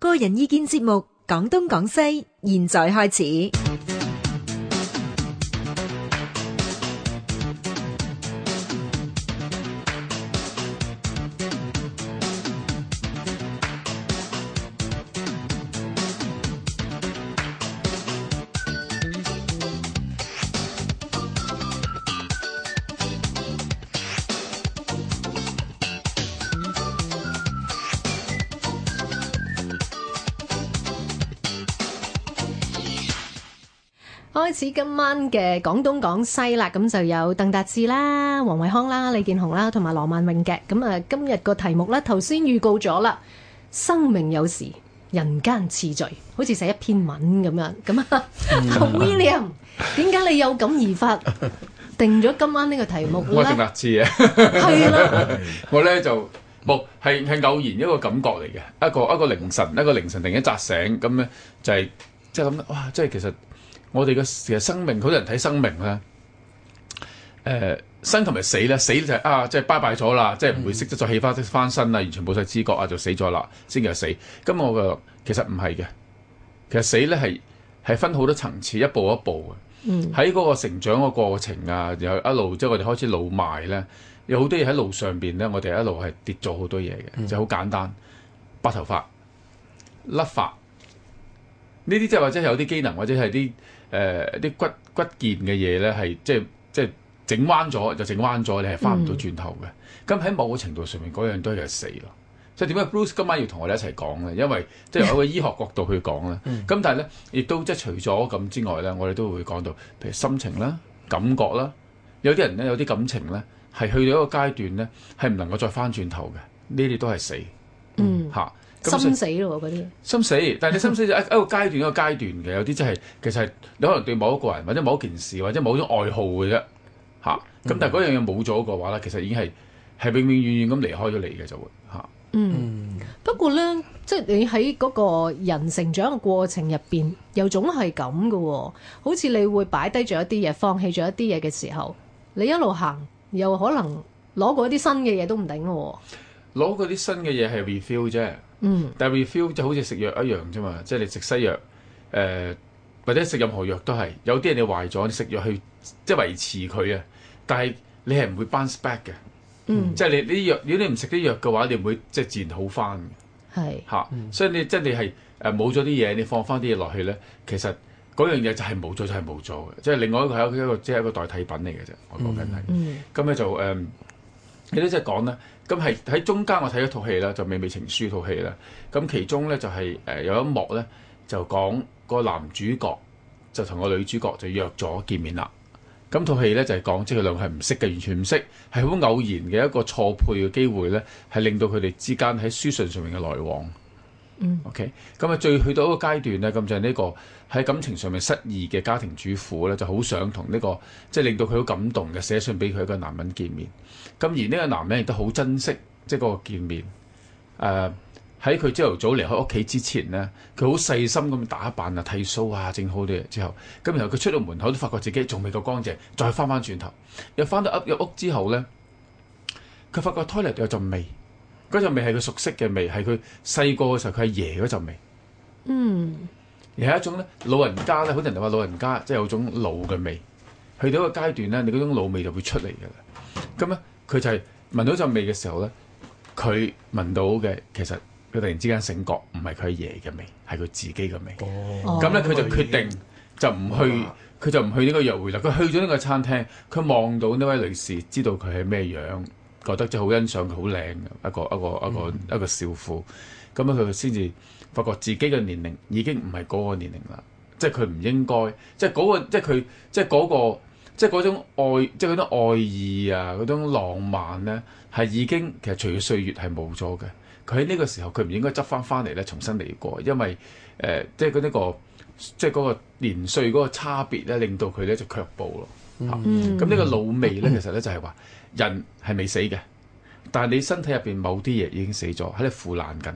個人意見節目，講東講西，現在開始。開始今晚嘅講東講西啦，咁就有鄧達智啦、黃惠康啦、李健雄啦，同埋羅曼穎嘅。咁啊，今日個題目咧，頭先預告咗啦。生命有時，人間次序，好似寫一篇文咁樣。咁啊，William，點解你有感而發定咗今晚呢個題目嘅咧？我係鄧達智啊，係咯，我咧就冇係係偶然一個感覺嚟嘅，一個一個凌晨一個凌晨突然間扎醒咁咧，就係即係諗哇，即係其實。我哋嘅其實生命，好多人睇生命咧，誒、呃、生同埋死咧，死就係、是、啊，即係拜拜咗啦，即係唔會識得再起翻翻身啊，嗯、完全冇晒知覺啊，就死咗啦，先至係死。咁我嘅其實唔係嘅，其實死咧係係分好多層次，一步一步嘅。喺嗰、嗯、個成長個過程啊，有一路即係我哋開始老邁咧，有好多嘢喺路上邊咧，我哋一路係跌咗好多嘢嘅，嗯、就好簡單，白頭髮甩髮，呢啲即係或者有啲機能，或者係啲。誒啲、呃、骨骨健嘅嘢咧，係即係即係整彎咗就整彎咗，你係翻唔到轉頭嘅。咁喺、嗯、某個程度上面，嗰樣都係死咯。即係點解 Bruce 今晚要同我哋一齊講咧？因為即係由一個醫學角度去講啦。咁、嗯、但係咧，亦都即係除咗咁之外咧，我哋都會講到譬如心情啦、感覺啦，有啲人咧有啲感情咧，係去到一個階段咧，係唔能夠再翻轉頭嘅。呢啲都係死。嗯，嚇、嗯。心死咯，嗰啲心死，但係你心死就一 一個階段一個階段嘅，有啲真係其實你可能對某一個人或者某一件事或者某種愛好嘅啫，吓咁但係嗰樣嘢冇咗嘅話咧，嗯、其實已經係係永永遠遠咁離開咗你嘅就會吓。嗯，嗯不過咧，即係你喺嗰個人成長嘅過程入邊，又總係咁嘅，好似你會擺低咗一啲嘢，放棄咗一啲嘢嘅時候，你一路行又可能攞過一啲新嘅嘢都唔定嘅喎、哦，攞過啲新嘅嘢係 refill 啫。嗯，但係 refill 就好似食藥一樣啫嘛，即、就、係、是、你食西藥，誒、呃、或者食任何藥都係，有啲人你壞咗，你食藥去即係、就是、維持佢啊。但係你係唔會 bounce back 嘅，即係、嗯、你呢啲藥，如果你唔食啲藥嘅話，你唔會即係、就是、自然好翻嘅。係嚇，所以你真係係誒冇咗啲嘢，你放翻啲嘢落去咧，其實嗰樣嘢就係冇咗就係冇咗嘅，即、就、係、是、另外一個、就是、一個即係、就是、一個代替品嚟嘅啫。我講緊係，咁咧、嗯嗯嗯、就誒。Um, 你都即係講咧，咁係喺中間我睇咗套戲啦，就《微微情書》套戲啦。咁其中呢，就係誒有一幕呢，就講個男主角就同個女主角就約咗見面啦。咁套戲呢，就係講即係兩個係唔識嘅，完全唔識，係好偶然嘅一個錯配嘅機會呢，係令到佢哋之間喺書信上面嘅來往。嗯，OK，咁啊，最去到一個階段咧，咁就係、是、呢個喺感情上面失意嘅家庭主婦咧，就好想同呢、這個即係、就是、令到佢好感動嘅寫信俾佢一嘅男人見面。咁而呢個男人亦都好珍惜即係嗰個見面。誒、呃，喺佢朝頭早離開屋企之前咧，佢好細心咁打扮啊、剃須啊、整好啲嘢之後，咁然後佢出到門口都發覺自己仲未夠乾淨，再翻翻轉頭，又翻到屋。入屋之後咧，佢發覺胎 o 有陣味。嗰陣味係佢熟悉嘅味，係佢細個嘅時候佢係爺嗰陣味。嗯，而係一種咧，老人家咧，好多人話老人家即係有種老嘅味。去到一個階段咧，你嗰種老味就會出嚟㗎啦。咁咧，佢就係聞到陣味嘅時候咧，佢聞到嘅，其實佢突然之間醒覺，唔係佢係爺嘅味，係佢自己嘅味。哦，咁咧，佢就決定就唔去，佢哇就唔去呢個約會啦。佢去咗呢個餐廳，佢望到呢位女士，知道佢係咩樣。覺得真係好欣賞佢，好靚嘅一個一個一個、嗯、一個少婦。咁樣佢先至發覺自己嘅年齡已經唔係嗰個年齡啦。即係佢唔應該，即係嗰個，即係佢，即係嗰個，即係嗰種愛，即係嗰種愛意啊，嗰種浪漫咧，係已經其實除咗歲月係冇咗嘅。佢喺呢個時候，佢唔應該執翻翻嚟咧，重新嚟過，因為誒，即係佢呢個，即係嗰個年歲嗰個差別咧，令到佢咧就卻步咯。咁呢個老味咧，其實咧就係話人係未死嘅，但係你身體入邊某啲嘢已經死咗，喺度腐爛緊，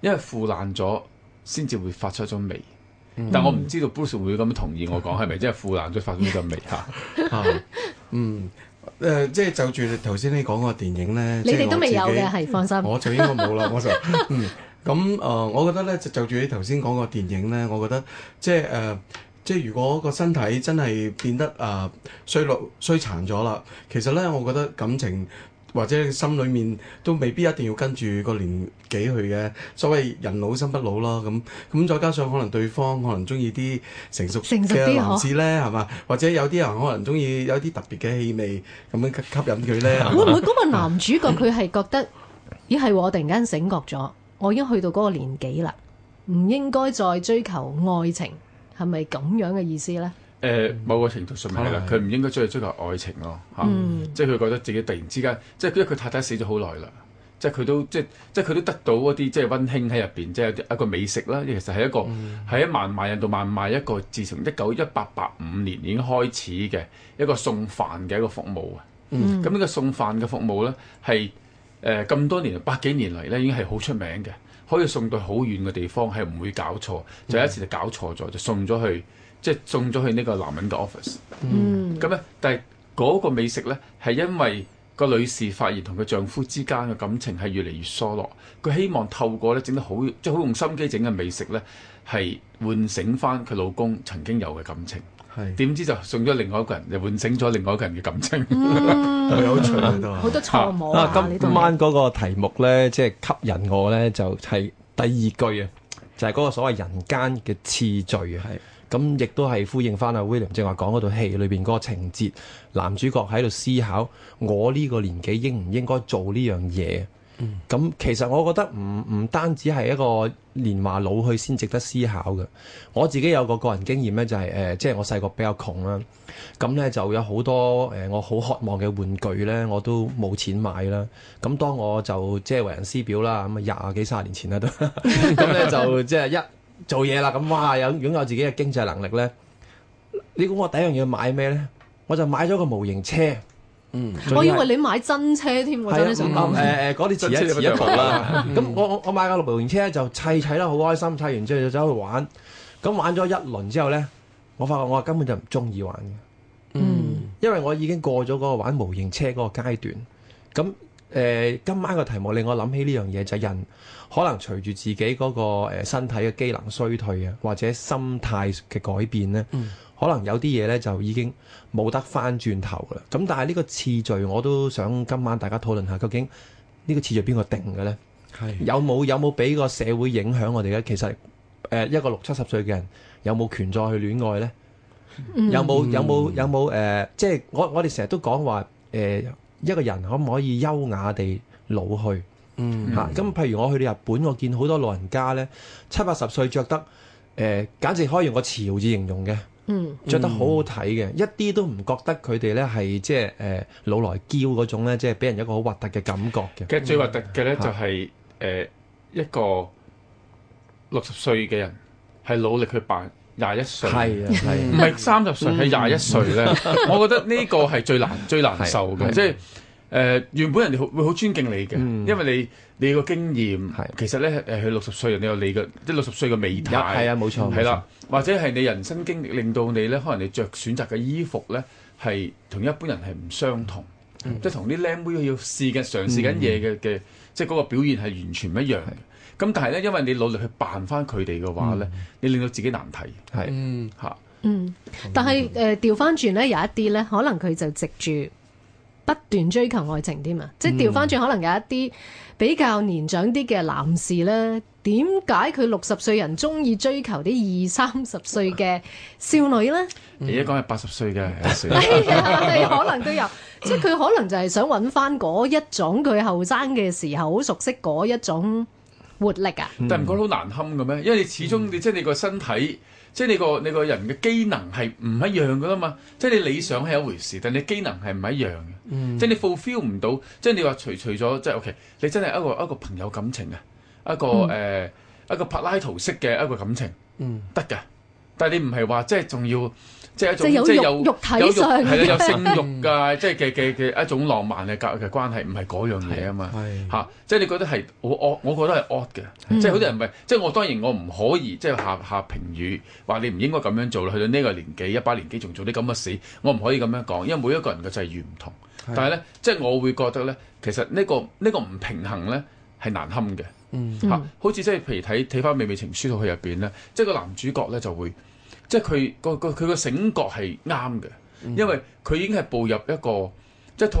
因為腐爛咗先至會發出一種味。但我唔知道 Bruce 會唔會咁同意我講係咪？即係腐爛咗發出呢種味嚇。嗯，誒，即係就住頭先你講個電影咧，你哋都未有嘅係放心，我就應該冇啦。我就，咁誒，我覺得咧，就住你頭先講個電影咧，我覺得即係誒。即係如果個身體真係變得誒、呃、衰落衰殘咗啦，其實呢，我覺得感情或者心裏面都未必一定要跟住個年紀去嘅。所謂人老心不老咯，咁咁再加上可能對方可能中意啲成熟嘅男士呢，係嘛？吧或者有啲人可能中意有啲特別嘅氣味咁樣吸吸引佢呢？會唔會嗰個男主角佢係覺得咦係喎？ 我突然間醒覺咗，我已經去到嗰個年紀啦，唔應該再追求愛情。係咪咁樣嘅意思咧？誒、呃，某個程度上面，佢唔、嗯、應該追求愛情咯嚇，嗯、即係佢覺得自己突然之間，即係因為佢太太死咗好耐啦，即係佢都即係即係佢都得到一啲即係溫馨喺入邊，即係一個美食啦。其實係一個喺、嗯、一萬萬人度萬萬一個，自從一九一八八五年已經開始嘅一個送飯嘅一個服務啊。咁呢、嗯、個送飯嘅服務咧，係誒咁多年百幾年嚟咧，已經係好出名嘅。可以送到好遠嘅地方，係唔會搞錯。Mm hmm. 就一次就搞錯咗，就送咗去，即係送咗去呢個男人嘅 office。咁咧、mm hmm，但係嗰個美食咧，係因為個女士發現同佢丈夫之間嘅感情係越嚟越疏落，佢希望透過咧整得好，即係好用心機整嘅美食咧，係喚醒翻佢老公曾經有嘅感情。係點知就送咗另外一個人，就喚醒咗另外一個人嘅感情，好多錯，好多錯誤啊！今晚嗰個題目咧，即係吸引我咧，就係第二句啊，就係嗰個所謂人間嘅次序係咁，亦都係呼應翻阿 William 正話講嗰套戲裏邊嗰個情節，男主角喺度思考我呢個年紀應唔應該做呢樣嘢。咁、嗯、其實我覺得唔唔單止係一個年華老去先值得思考嘅，我自己有個個人經驗咧、就係呃，就係誒，即係我細個比較窮啦，咁、嗯、咧就有好多誒、呃，我好渴望嘅玩具咧，我都冇錢買啦。咁、嗯、當我就即係為人師表啦，咁啊廿幾卅年前啦都，咁 咧、嗯、就即係一做嘢啦，咁哇有擁有自己嘅經濟能力咧，你估我第一樣嘢買咩咧？我就買咗個模型車。嗯，我以、哦、為你買真車添，我想。誒誒，嗰啲遲一遲一步啦。咁我我我買架模型車就砌砌啦，好開心。砌完之後就走去玩，咁玩咗一輪之後咧，我發覺我根本就唔中意玩嘅。嗯，因為我已經過咗嗰個玩模型車嗰個階段。咁。誒、呃、今晚個題目令我諗起呢樣嘢就係、是、人可能隨住自己嗰、那個、呃、身體嘅機能衰退啊，或者心態嘅改變呢，嗯、可能有啲嘢呢就已經冇得返轉頭㗎喇。咁但係呢個次序我都想今晚大家討論下，究竟呢個次序邊個定嘅呢？係的有冇有冇俾個社會影響我哋呢？其實誒、呃、一個六七十歲嘅人有冇權再去戀愛呢？有冇有冇有冇誒、呃？即係我我哋成日都講話誒。呃一個人可唔可以優雅地老去？嚇、嗯，咁、啊、譬如我去到日本，我見好多老人家呢，七八十歲着得誒、呃，簡直可以用個潮字形容嘅，着、嗯、得好好睇嘅，嗯、一啲都唔覺得佢哋呢係即係誒老來嬌嗰種呢，即係俾人一個好核突嘅感覺嘅。其實最核突嘅呢，就係誒一個六十歲嘅人係努力去扮，廿一歲係啊，係啊，唔係三十歲係廿一歲咧？我覺得呢個係最難最難受嘅，即係誒原本人哋會會好尊敬你嘅，因為你你個經驗，其實咧誒佢六十歲，你有你嘅即係六十歲嘅美態，係啊冇錯，係啦，或者係你人生經歷令到你咧，可能你着選擇嘅衣服咧，係同一般人係唔相同，即係同啲靚妹要試嘅、嘗試緊嘢嘅嘅，即係嗰個表現係完全唔一樣。咁但係咧，因為你努力去扮翻佢哋嘅話咧，嗯、你令到自己難睇係吓。是嗯，嗯但係誒調翻轉咧，有一啲咧，可能佢就藉住不斷追求愛情添啊！嘛嗯、即係調翻轉，可能有一啲比較年長啲嘅男士咧，點解佢六十歲人中意追求啲二三十歲嘅少女咧？而家講係八十歲嘅，係啊、欸， 可能都有，即係佢可能就係想揾翻嗰一種佢後生嘅時候好熟悉嗰一種。活力啊！Would like? 嗯、但係唔覺得好難堪嘅咩？因為你始終你即係、嗯、你個身體，即係你個你個人嘅機能係唔一樣㗎啦嘛。即係你理想係一回事，但係你機能係唔一樣嘅。即係、嗯、你 fulfill 唔到，即係你話除除咗即係 OK，你真係一個一個朋友感情啊，一個誒、嗯呃、一個柏拉圖式嘅一個感情，嗯，得㗎。但係你唔係話即係仲要。即係一種即係有肉，肉體上係啦，有性慾啊！即係嘅嘅嘅一種浪漫嘅嘅關係，唔係嗰樣嘢啊嘛嚇！即係你覺得係好惡，我覺得係惡嘅。即係好多人唔係，即係我當然我唔可以即係下下評語話你唔應該咁樣做啦。去到呢個年紀，一把年紀仲做啲咁嘅事，我唔可以咁樣講，因為每一個人嘅際遇唔同。但係咧，即係是是我會覺得咧，其實呢、呢個呢、呢個唔平衡咧係難堪嘅。嗯，嚇，好似即係譬如睇睇翻《微微情書》套戲入邊咧，即係個男主角咧就會。即係佢個個佢個醒覺係啱嘅，嗯、因為佢已經係步入一個即係套戲。